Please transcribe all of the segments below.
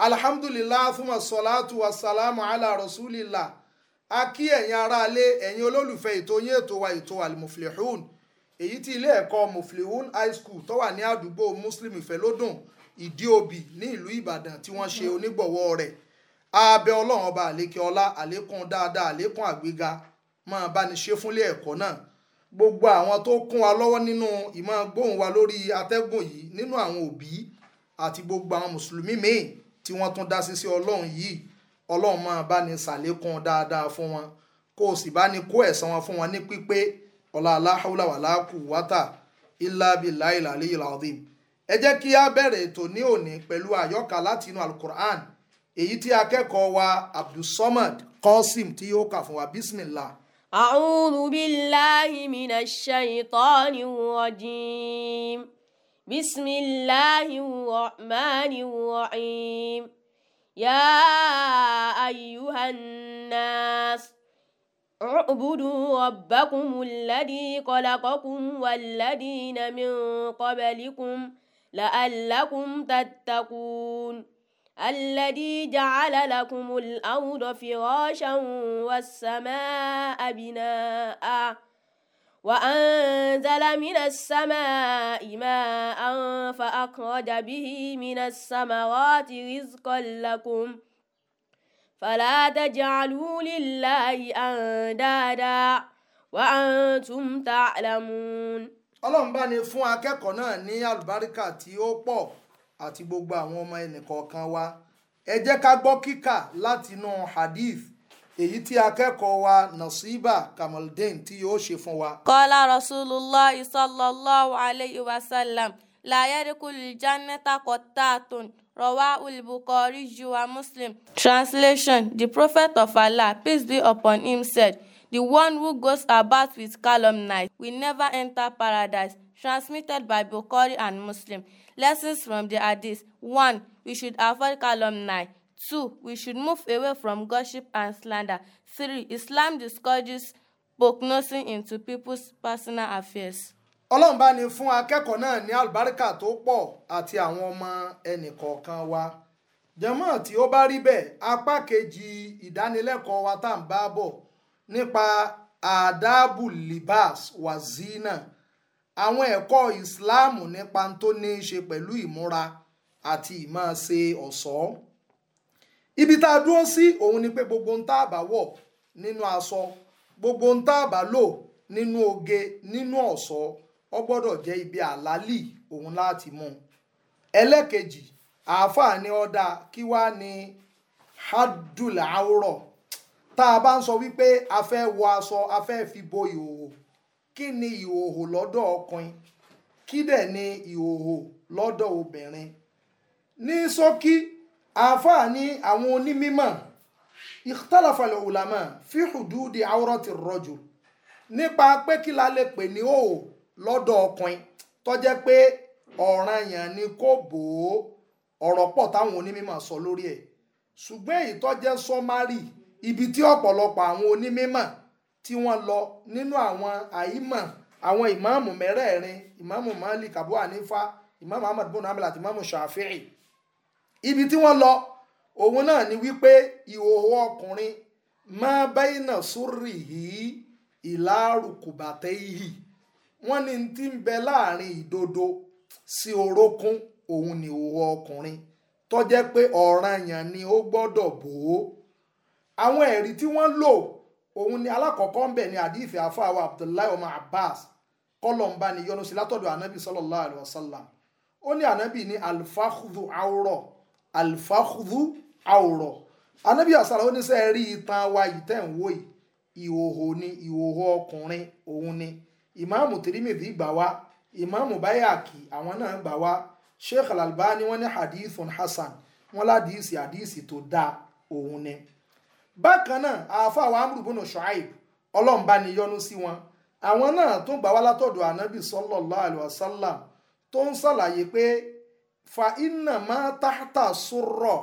alhamdulillah thumma salatu wa salamu ala rasulillah a kí ẹ̀yin aráalé ẹ̀yin olólùfẹ́ ètò yín ètò wa ètò almuflihun èyí tí ilé ẹ̀kọ́ muflihun high school tó wà ní àdúgbò muslim ìfẹ́lódùn ìdíòbí ní ìlú ìbàdàn tí wọ́n ṣe onígbọ̀wọ́ rẹ̀ abẹ́ ọlọ́run ọba àlékè ọlá àlékún dáadáa àlékún àgbéga máa bá ní ṣe fúnlé ẹ̀kọ́ náà gbogbo àwọn tó kún wa lọ́wọ́ nínú ìmọ̀ gbóhùn wa lórí atẹ́gùn yìí nínú àwọn òbí àti gbogbo àwọn mùsùlùmí míì tí wọ́n tún dá sí sí ọlọ́run yìí ọlọ́run máa bá ní ṣàlékún dáadáa fún wọn kó o sì bá ní kó ẹ̀san wọn fún wọn ní pípé ọ̀la aláhàúlà wà láàkú wátà ilá ìlàlẹ́ ìlàdìm ẹ jẹ́ kí a bẹ̀rẹ̀ ètò ní òní pẹ̀lú àyọkà láti inú alukur'an èyí tí akẹ́kọ̀ọ́ wa abdulsamad qasim tí yóò kà fún wa bismillah. a'udhu billahi minash shaitani rajim. بسم الله الرحمن الرحيم يا أيها الناس اعبدوا ربكم الذي خلقكم والذين من قبلكم لعلكم تتقون الذي جعل لكم الأرض فراشا والسماء بناء وأنزل من السماء ماء أخرج به من الثمرات رزقا لكم فلا تجعلوا لله أندادا وأنتم تعلمون ọlọ́run bá ní fún akẹ́kọ̀ọ́ náà ní àlùbáríkà tí ó pọ̀ àti gbogbo àwọn ọmọ ẹnìkọ̀ọ̀kan wa ẹ jẹ́ ká gbọ́ kíkà látinú hadith èyí tí akẹ́kọ̀ọ́ wa nasiba kamaldeen tí yóò ṣe fún wa. kọ́lá rasulullah sallallahu alayhi wa sallam. لا يدخل الجنة قطات رواه البخاري ومسلم Translation The Prophet of Allah, peace be upon him, said, The one who goes about with calumnies will never enter paradise. Transmitted by Bukhari and Muslim. Lessons from the Hadith. 1. We should avoid calumny. 2. We should move away from gossip and slander. 3. Islam discourages prognosing into people's personal affairs ọlọ́run bá ní fún akẹ́kọ̀ọ́ náà ní àlùbáríkà tó pọ̀ àti àwọn ọmọ ẹnìkọ̀ọ̀kan wa jẹ́mọ́ tí ó bá rí bẹ́ẹ̀ apá kejì ìdánilẹ́kọ̀ọ́ wa tá à ń bá bọ̀ nípa àdábù libas wazina àwọn ẹ̀kọ́ ìsìláàmù nípa tó ní í ṣe pẹ̀lú ìmúra àti ìmáa ṣe ibi tá a dúró sí òun ni pé gbogbo ń tá a bá wọ̀ nínú aṣọ gbogbo ń tá a lò nínú oge nínú ọ̀ṣọ́ ó gbọ́dọ̀ jẹ́ ibi àlálì òun láti mú un ẹlẹ́kejì àáfàá ni ọ̀dà kí wá ní hadul awrọ̀ tá a bá ń sọ wípé a fẹ́ wọ aṣọ a fẹ́ fi bo ìhòhò kí ni ìhòhò lọ́dọ̀ ọkùnrin kí dẹ̀ ni ìhòhò lọ́dọ̀ obìnrin ní ṣókí àáfàá ní àwọn onímímọ̀ ìtàlàfàlẹ̀ òlàmọ̀ fi hùdúdi awrọ̀ ti rọ̀jù nípa pé kí la lè pè ní òhò lọ́dọ̀ ọkùnrin tó jẹ́ pé ọ̀ranyàn ni kò bò ó ọ̀rọ̀ pọ̀ táwọn onímọ̀ sọ lórí ẹ̀ ṣùgbọ́n èyí tó sọ́márì ibi tí ọ̀pọ̀lọpọ̀ àwọn onímọ̀ tí wọ́n lọ nínú àwọn àyímọ̀ àwọn ìmáàmù mẹ́rẹ̀ẹ̀rin ìmáàmù Malik Abu Hanifa ìmáàmù Ahmad bin Hanbal àti ìmáàmù Shafi'i ibi tí wọ́n lọ òun náà ni wípé ìhòòhò ọkùnrin máa bẹ́yìn náà sórí yìí ìlà rùkùbàtẹ́ yìí wọ́n ní ti ń bẹ láàrin ìdodo sí orókún òun ni òwò ọkùnrin tó jẹ́ pé ọ̀ranyàn ni ó gbọ́dọ̀ bò ó àwọn ẹ̀rí tí wọ́n lò òun ni alákọ̀ọ́kọ́ ń bẹ ní àdífẹ́ àfáàwọ̀ abdullahi Omar abbas kọlọ̀ǹba ni yọnu sí látọ̀dọ̀ anabi sallallahu alaihi wasallam ó ní anabi ní alfakhudhu awrọ alfakhudhu awrọ ànábì àsàlà ó ní sẹ́ẹ̀ rí itan wa yìí tẹ̀ ń wò yìí ìhòhò ni ìhòhò ọkùnrin òun ni ìmáàmù tirimidi gbà wá ìmáàmù bayaki àwọn náà gbà wá sheikh alalbani wọ́n ní hadithun hasan wọ́n ládìísì hadisi tó dáa òun ni. bákan náà àáfà wa amúlù bùnú shuaib ọlọ́mba ni yọ́nú sí wọn àwọn náà tún gbà wá látọ̀dọ̀ ànábì sallallahu alaihi wasallam tó ń ṣàlàyé pé fa iná máa tààtà sọ̀rọ̀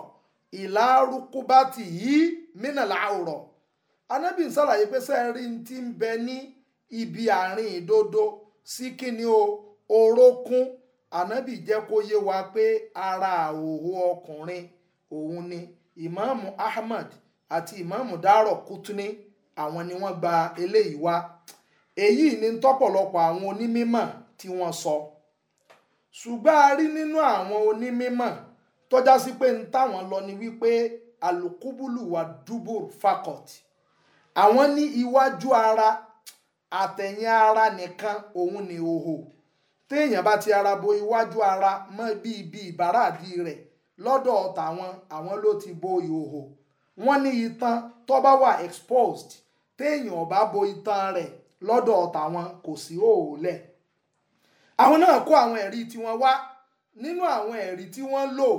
ìlárúkúbátì yìí mínà láàrọ̀ ànábì ń ṣàlàyé pé sẹ́ẹ̀rí ti ń bẹ ní ibi àárín ìdodo sí kíni o orókún ànábì jẹ́ kó yé wa pé ara àhòhò ọkùnrin òun ni ìmáàmù ahmad àti ìmáàmù dárò kútúní àwọn ni wọ́n gba eléyìí wá èyí ni tọ́pọ̀lọpọ̀ àwọn onímímọ̀ tí wọ́n sọ ṣùgbọ́n a rí nínú àwọn onímímọ̀ tọ́já sí pé ń táwọn lọ ni wípé alukubulu wa dubur fakọt àwọn ní iwájú ara àtẹ̀yìn ara nìkan òun ni òhò téèyàn bá ti ara bo iwájú ara mọ́ bí ibi ìbáradì rẹ̀ lọ́dọ̀ tàwọn àwọn ló ti bo ìhòhò wọ́n ní itan tó bá wà exposed téèyàn bá bo itan rẹ̀ lọ́dọ̀ tàwọn kò sí òòlẹ̀ àwọn náà kó àwọn ẹ̀rí tiwọn wá nínú àwọn ẹ̀rí tí wọ́n lò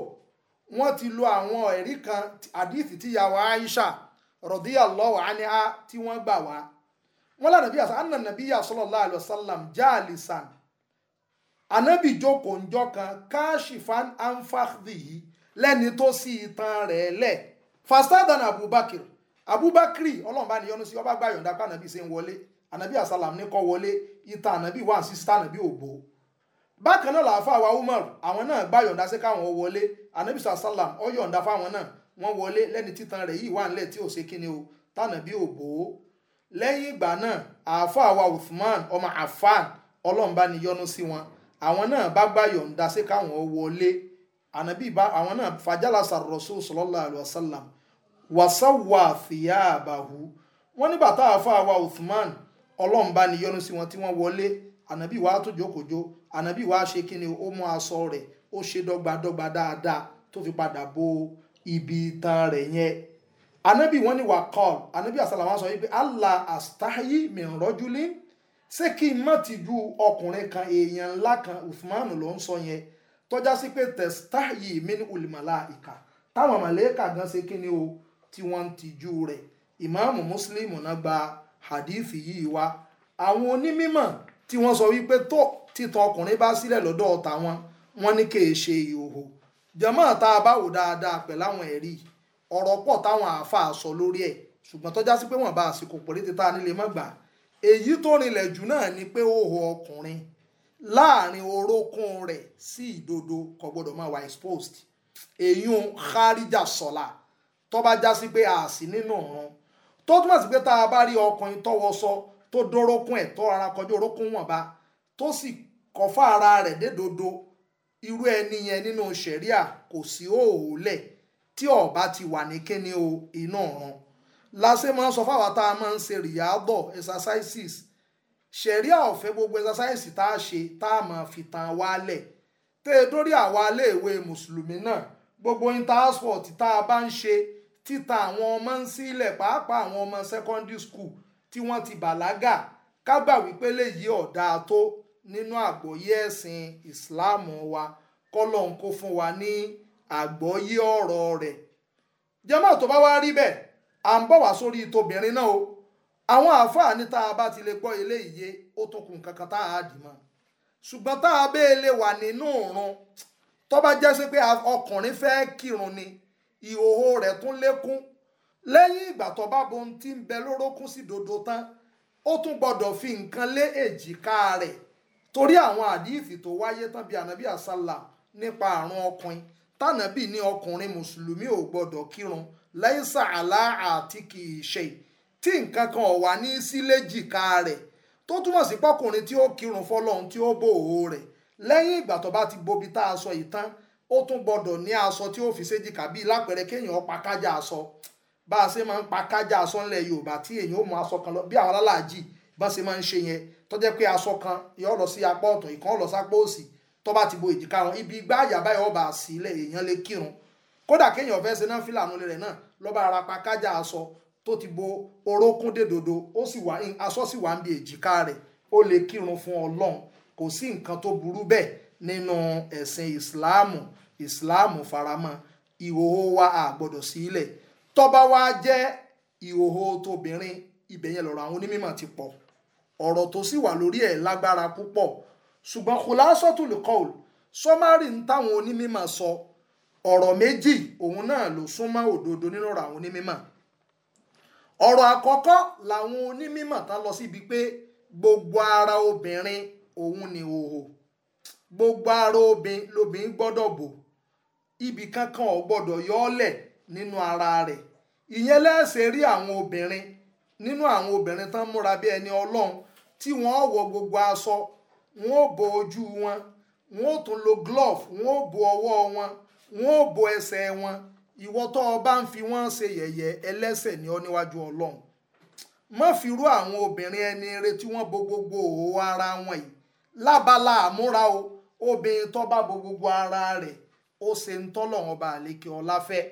wọ́n ti lo àwọn ẹ̀rí kan àdìsí tíyàwó Aisha rọ̀díyàlọ́wọ̀ á ní á tí wọ́n gbà wá wọ́n lára bí àná nàbíyà sallallahu alaihi wasallam jalisan ànábì jókòó njọ́ kan káṣífàn anfàdì yìí lẹ́ni tó sí itan rẹ̀ lẹ̀ fastadan abubakar abubakar ọlọ́run bá ní yọ́nú sí ọba gbà yọ̀ǹda pé ànábì ṣe ń wọlé ànábì àsálàm ní kọ́ wọlé itan ànábì wà sí sítá ànábì ògbó bákan náà làáfà wa umar àwọn náà gbà yọ̀ǹda sí káwọn wọlé ànábì sàsálàm ọ yọ̀ǹda fáwọn náà wọ́n wọlé lẹ́ni títan rẹ̀ yìí wà nílẹ̀ tí ò ṣe kíni o tànàbí ògbó lẹ́yìn ìgbà náà àáfàá wa Uthman ọmọ Affan ọlọ́mba ni yọ́nú sí wọn àwọn náà bá gbà yọ̀ǹda sí káwọn wọlé ànábì bá àwọn náà fajalasa rasul sallallahu alayhi wa sallam wasawa thiyabahu wọn nígbà tá àáfàá wa Uthman ọlọ́mba ni yọ́nú sí wọn tí wọ́n wọlé ànábì wa tó jókòjó ànábì wa ṣe kí ni ó mú aṣọ rẹ̀ ó ṣe dọ́gbadọ́gba dáadáa tó fi padà bo ibi itan rẹ̀ yẹn anabi wọn ni wà kọ́ọ̀lù anabi àsàlàwà sọ wípé allah astahi min rajulin ṣé kí n má ti ju ọkùnrin kan èèyàn ńlá kan uthman ló ń sọ yẹn tọ́já sí pé testahi min ulmalaika táwọn màlẹ́kà gan ṣe kí ni o tí wọ́n ti ju rẹ̀ ìmáàmù muslim náà gba hadithi yìí wá àwọn onímọ̀ tí wọ́n sọ wípé tó títan ọkùnrin bá sílẹ̀ lọ́dọ̀ ọ̀tá wọn wọ́n ní kì í ṣe ìhòhò jàmáà tá a dáadáa pẹ̀láwọn ẹ̀rí yìí ọ̀rọ̀ pọ̀ táwọn àáfàá sọ lórí ẹ̀ ṣùgbọ́n tọ́já sí pé wọ́n bá àsìkò péréte tá a nílé mọ́ èyí tó rinlẹ̀ jù náà ni pé òhò ọkùnrin láàrin orókún rẹ̀ sí ìdodo kò gbọ́dọ̀ máa wà exposed èyún kárìjà sọ̀la tó bá já sí pé àásì nínú ọ̀run tó túmọ̀ sí pé tá a bá rí ọkùnrin tọwọ́sọ tó dórókún ẹ̀ tó ara kọjú orókún wọ̀nba tó sì kọfá ara rẹ̀ dédodo irú ẹni yẹn nínú ṣẹ̀ríà kò sí òòlẹ̀ tí ọba ti wà ní kíni o iná ọ̀run lásìkò máa ń sọ fáwọn tá a máa ń ṣe rìyádọ̀ exercises ṣẹ̀ríà ọ̀fẹ́ gbogbo ẹ̀sásáìsì tá a ṣe tá a máa fi tan wálẹ̀ tẹ́ ẹ dórí àwa iléèwé mùsùlùmí náà gbogbo intersport tá a bá ń ṣe títa àwọn ọmọ ń sílẹ̀ pàápàá àwọn ọmọ secondary school tí wọ́n ti bàlágà ká gbà wípé léyìí ọ̀dà tó nínú àgbọ́yé ẹ̀sìn ìsìláàmù wa kọ́lọ́n kó fún wa ní àgbọ́yé ọ̀rọ̀ rẹ̀ jẹ́mọ̀ tó bá wá rí bẹ́ẹ̀ à ń bọ̀ wá sórí tóbìnrin náà o àwọn àáfàá ní tá a bá ti lè gbọ́ ilé iye ó tún kù nǹkan tá a dì mọ́ ṣùgbọ́n tá a bẹ́ẹ̀ lè wà nínú òrun tó bá jẹ́ sí pé ọkùnrin fẹ́ kírun ni ìhòhò rẹ̀ tún lékún lẹ́yìn ìgbà tó bá bo ohun tí ń bẹ lórókún sí dodo tán ó tún gbọ́dọ̀ fi nǹkan lé èjìká rẹ̀ torí àwọn àdífì tó wáyé tán bíi ànábì àsálà nípa àrùn ọkùnrin tànàbì ní ọkùnrin mùsùlùmí ò gbọdọ̀ kírun láìsà àlá àti kì í ṣe tí nǹkan kan ò wà ní síléjìká rẹ̀ tó túmọ̀ sí pọ́kùnrin tí ó kírun fọlọ́run tí ó bò ó rẹ̀ lẹ́yìn ìgbà tó bá ti gbobi tá a sọ ìtàn ó tún gbọdọ̀ ní aṣọ tí ó fi séjìká bíi lápẹ̀rẹ̀ kéèyàn pa kájà aṣọ bá a ṣe máa ń pa kájà aṣọ ńlẹ̀ yorùbá tí èèyàn ó mú aṣọ kan lọ bí àwọn alálàájì bá ṣe máa ń ṣe yẹn tó jẹ́ pé aṣọ kan yọ lọ sí apá ọ̀tún ìkan lọ sápá òsì tó bá ti bo èjìká wọn ibi igbá àyàbá yẹn ọba àsìlẹ̀ èèyàn lè kírun kódà kéèyàn fẹ́ ṣe náà fìlànà rẹ̀ náà lọ́ba ara pa kájà aṣọ tó ti bo orókún dèdòdò ó sì wà aṣọ sì wà ń bi èjìká rẹ̀ ó lè kírun fún ọlọ́run kò sí nǹkan tó burú bẹ́ẹ̀ nínú ẹ̀sìn ìsìláàmù ìsìláàmù faramọ́ ìhòòhò wa a gbọ́dọ̀ sí ilẹ̀ tọ́ba wa jẹ́ ìhòòhò tóbìnrin ibẹ̀ yẹn lọ́rọ̀ àwọn onímọ̀ ti pọ̀ ọ̀rọ̀ tó sì wà lórí ẹ̀ lágbára púpọ̀ ṣùgbọ́n kòlásọ́tùlù kọ́ọ̀lù sọ́márì ń táwọn onímọ̀ sọ ọ̀rọ̀ méjì òun náà ló súnmọ́ òdodo nínú ọ̀rọ̀ àwọn onímọ̀ ọ̀rọ̀ àkọ́kọ́ làwọn onímọ̀ tá lọ síbi pé gbogbo ara obìnrin òun ni òhò gbogbo ara obìnrin lobìnrin gbọ́dọ̀ bò ibì kankan ò gbọ́dọ̀ yọ́ọ̀lẹ̀ nínú ara rẹ̀ ìyẹn lẹ́sẹ̀ rí àwọn obìnrin nínú àwọn obìnrin tán múra bí ẹni ọlọ́run tí wọ́n wọ gbogbo aṣọ wọn ó bo ojú wọn wọn ó tún lo glove wọn ó bo ọwọ́ wọn wọn ó bo ẹsẹ̀ wọn se yeye elese bá ń fi wọ́n ṣe yẹ̀yẹ́ ẹlẹ́ṣẹ̀ ni ọ níwájú ọlọ́run má àwọn obìnrin ẹni rẹ tí bo gbogbo òwò ara wọn yìí lábala àmúra o obìnrin tó bo gbogbo ara rẹ̀ ó ṣe ń tọ́lọ̀wọ́n bá àlékè ọlá fẹ́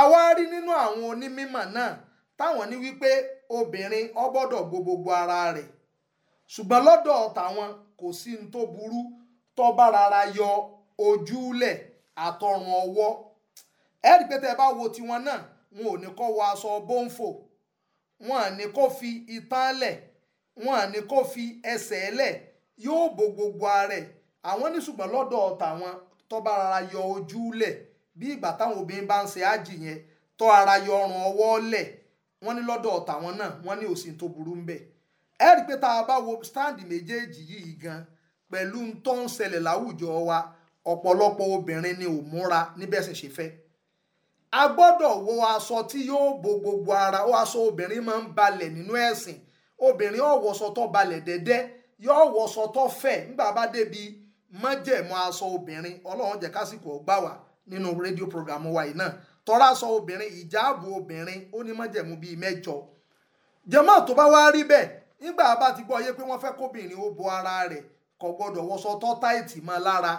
àwa rí nínú àwọn onímọ̀ náà táwọn ní wípé obìnrin ọ bo gbogbo ara rẹ̀ ṣùgbọ́n lọ́dọ̀ tàwọn kò sí ní tó burú tó bá rárá yọ ojúlẹ̀ àtọrùn ọwọ́ ẹ rí pé tẹ́ ẹ bá wo tiwọn náà wọn ò ní kó wọ aṣọ bọ́ǹfò wọn à ní kó fi itan lẹ̀ wọn à ní kó fi ẹsẹ̀ lẹ̀ yóò bo gbogbo ara ẹ̀ àwọn ní ṣùgbọ́n lọ́dọ̀ tàwọn tó bá rárá yọ ojúlẹ̀ bí ìgbà táwọn obìnrin bá ń ṣe ájì yẹn tó ara yọ ọrùn ọwọ́ lẹ̀ wọ́n ní lọ́dọ̀ tàwọn náà wọ́n ní òsì tó burú ń bẹ̀ erik rí i bá wo méjèèjì yìí gan pẹ̀lú ń tó ń ṣẹlẹ̀ láwùjọ wa ọ̀pọ̀lọpọ̀ obìnrin ni ò múra níbẹ̀ ṣe ṣe fẹ́ a gbọ́dọ̀ wo aṣọ tí yóò bo gbogbo ara ó aṣọ obìnrin máa ń balẹ̀ nínú ẹ̀sìn obìnrin balẹ̀ dẹ́dẹ́ yóò fẹ̀ nígbà bá débi aṣọ obìnrin ọlọ́run jẹ́ wa yìí náà tọ́ra aṣọ obìnrin obìnrin ó ní bíi mẹ́jọ jẹ́mọ́ tó nígbà bá ti gbọ́ yé pé wọ́n fẹ́ kóbìnrin ó bo ara rẹ̀ kò gbọ́dọ̀ wọṣọ tó táìtì mọ́ lára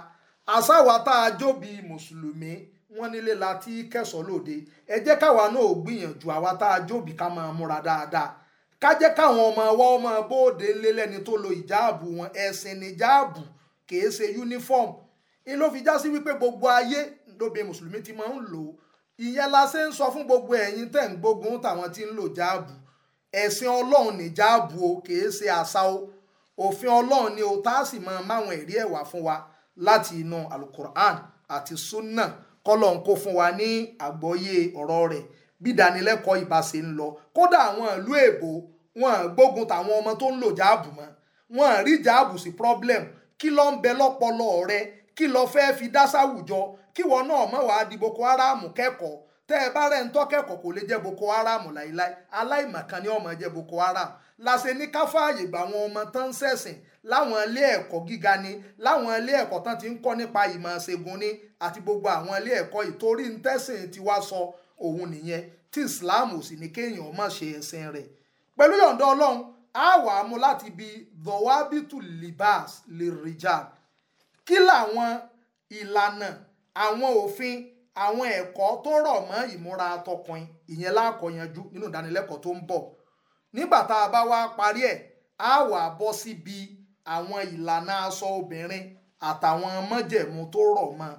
àsáwá tá a jóbi mùsùlùmí wọ́n nílé la ti kẹsàn lóde ẹ jẹ́ káwa náà ò gbìyànjú àwa tá a jóbi ká máa múra dáadáa ká jẹ́ káwọn ọmọ wa ọmọ bóde ńlé lẹ́ni tó lo ìjáàbù wọn ẹ̀sìn ní kìí ṣe uniform in ló fi já sí wípé gbogbo ayé lóbi mùsùlùmí ti máa ń lò ìyẹn la ṣe ń sọ fún gbogbo ẹ̀yin tẹ̀ ń gbógun táwọn ti ń lò jáàbù ẹ̀sìn ọlọ́run nìjáàbù o kìí ṣe àṣà o òfin ọlọ́run ni o tá a sì máa máwọn ẹ̀rí ẹ̀wà fún wa láti inú alukur'an àti sunna kọ́lọ̀ ń kó fún wa ní àgbọ́yé ọ̀rọ̀ rẹ̀ bí ìdánilẹ́kọ̀ọ́ ìbá ṣe ń lọ kódà àwọn ìlú èbó wọn gbógun tàwọn ọmọ tó ń lò jáàbù mọ́ wọn rí jáàbù sí problem kí ló ń bẹ lọ́pọlọ rẹ kí ló fẹ́ fi dá sáwùjọ kí wọn náà mọ̀ wá di Boko Haram kẹ́kọ̀ọ́ tẹ́ ẹ bá rẹ̀ ń tọ́kẹ́kọ̀ọ́ kò lè jẹ́ boko haram láíláí aláìmọ̀kan ni ọmọ jẹ́ boko haram láṣẹ ní ká fààyè gba àwọn ọmọ tán ń ṣẹ̀sìn láwọn ilé ẹ̀kọ́ gíga ni láwọn ilé ẹ̀kọ́ tán ti ń kọ́ nípa ìmọ̀ ṣègùn ni àti gbogbo àwọn ilé ẹ̀kọ́ ìtorí ń tẹ̀sìn ti wá sọ òun nìyẹn tí islam ò sì ní kéèyàn má ṣe ẹ̀sìn rẹ̀ pẹ̀lú yọ̀ǹda ọlọ́run á wà á mú láti bi dọ̀wábìtù libas lè rìjà kí làwọn ìlànà àwọn òfin àwọn ẹ̀kọ́ tó rọ̀ mọ́ ìmúra àtọkùnrin ìyẹn láàkọyanjú nínú ìdánilẹ́kọ̀ọ́ tó ń bọ̀ nígbà tá a bá wá parí ẹ̀ á wà bọ́ síbi àwọn ìlànà aṣọ obìnrin àtàwọn mọ́jẹ̀mú tó rọ̀ mọ́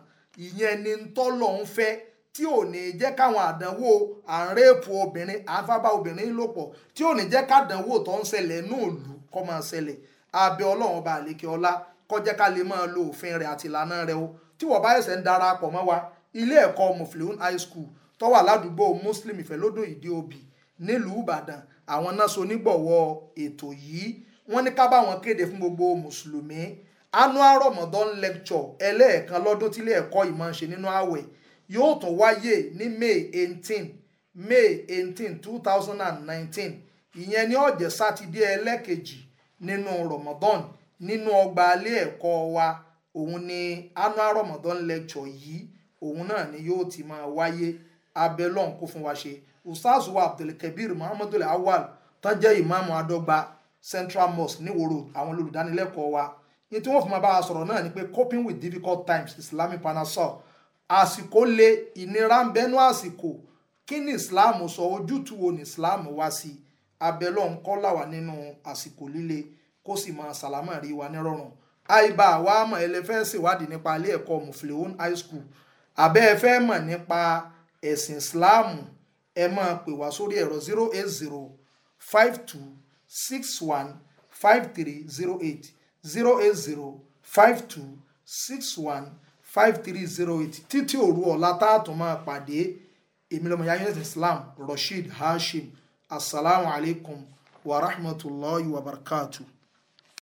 ìyẹn ni tọ́lọ̀ ń fẹ́ tí ò ní jẹ́ káwọn àdánwò àrẹ́pù obìnrin àfábá obìnrin lò pọ̀ tí ò ní jẹ́ kádánwò tó ń ṣẹlẹ̀ náà lù kọ́ máa ṣẹlẹ̀ abẹ́ ọlọ́run ọba àlékè ọlá kó jẹ́ ká lè máa lo òfin rẹ̀ àtìlànà rẹ̀ o tí wọ́n bá ẹ̀sẹ̀ ń darapọ̀ mọ́ wa ilé ẹ̀kọ́ mufleon high school tó wà ládùúgbò muslim ìfẹ́lódò ìdí òbí nílùú ìbàdàn àwọn náà sonígbọ̀wọ́ ètò yìí wọ́n ní ká bá wọn kéde fún gbogbo mùsùlùmí annual ramadan lecture ẹlẹ́ẹ̀kan lọ́dún tílé ẹ̀kọ́ ìmọ̀ ṣe nínú ààwẹ̀ yóò tún wáyé ní may eighteen may eighteen two thousand and nineteen ìyẹn ní ọ̀jẹ̀ sátidé ẹlẹ́kejì nínú ramadan nínú ọgbà ilé ẹ̀kọ́ wa òun ni annual ramadan lecture yìí òun náà ni yóò ti máa wáyé abẹ́lọ́n kó fún wa ṣe ustaz abdulkabir muhammadul awal tán jẹ́ ìmáàmù adọ́gba central mosque níwòrò àwọn olùdánilẹ́kọ̀ọ́ wa ní tí wọ́n fi máa bá a sọ̀rọ̀ náà ni pé coping with difficult times islamic panacea àsìkò le ìnira ń bẹnu àsìkò kí ni islam sọ ojútùú wo ni islam wá sí abẹ́lọ́n kọ́ làwà nínú àsìkò líle kó sì máa sàlámà rí wa nírọ̀rùn àìbá àwa àmọ̀ ẹlẹ́fẹ́ ṣèwádìí nípa ilé ẹ̀kọ́ mufleon high school abẹ́ ẹ fẹ́ mọ̀ nípa ẹ̀sìn Islam ẹ máa pè wá sórí ẹ̀rọ zero eight zero five two six one five three zero eight zero eight zero five two six one five three zero eight títí òru ọ̀la tá a tún máa pàdé èmi lọ́mọ yáyẹ́ ẹ̀sìn Islam Rasheed Hashim alaykum wa rahmatulahi wa barakatuh.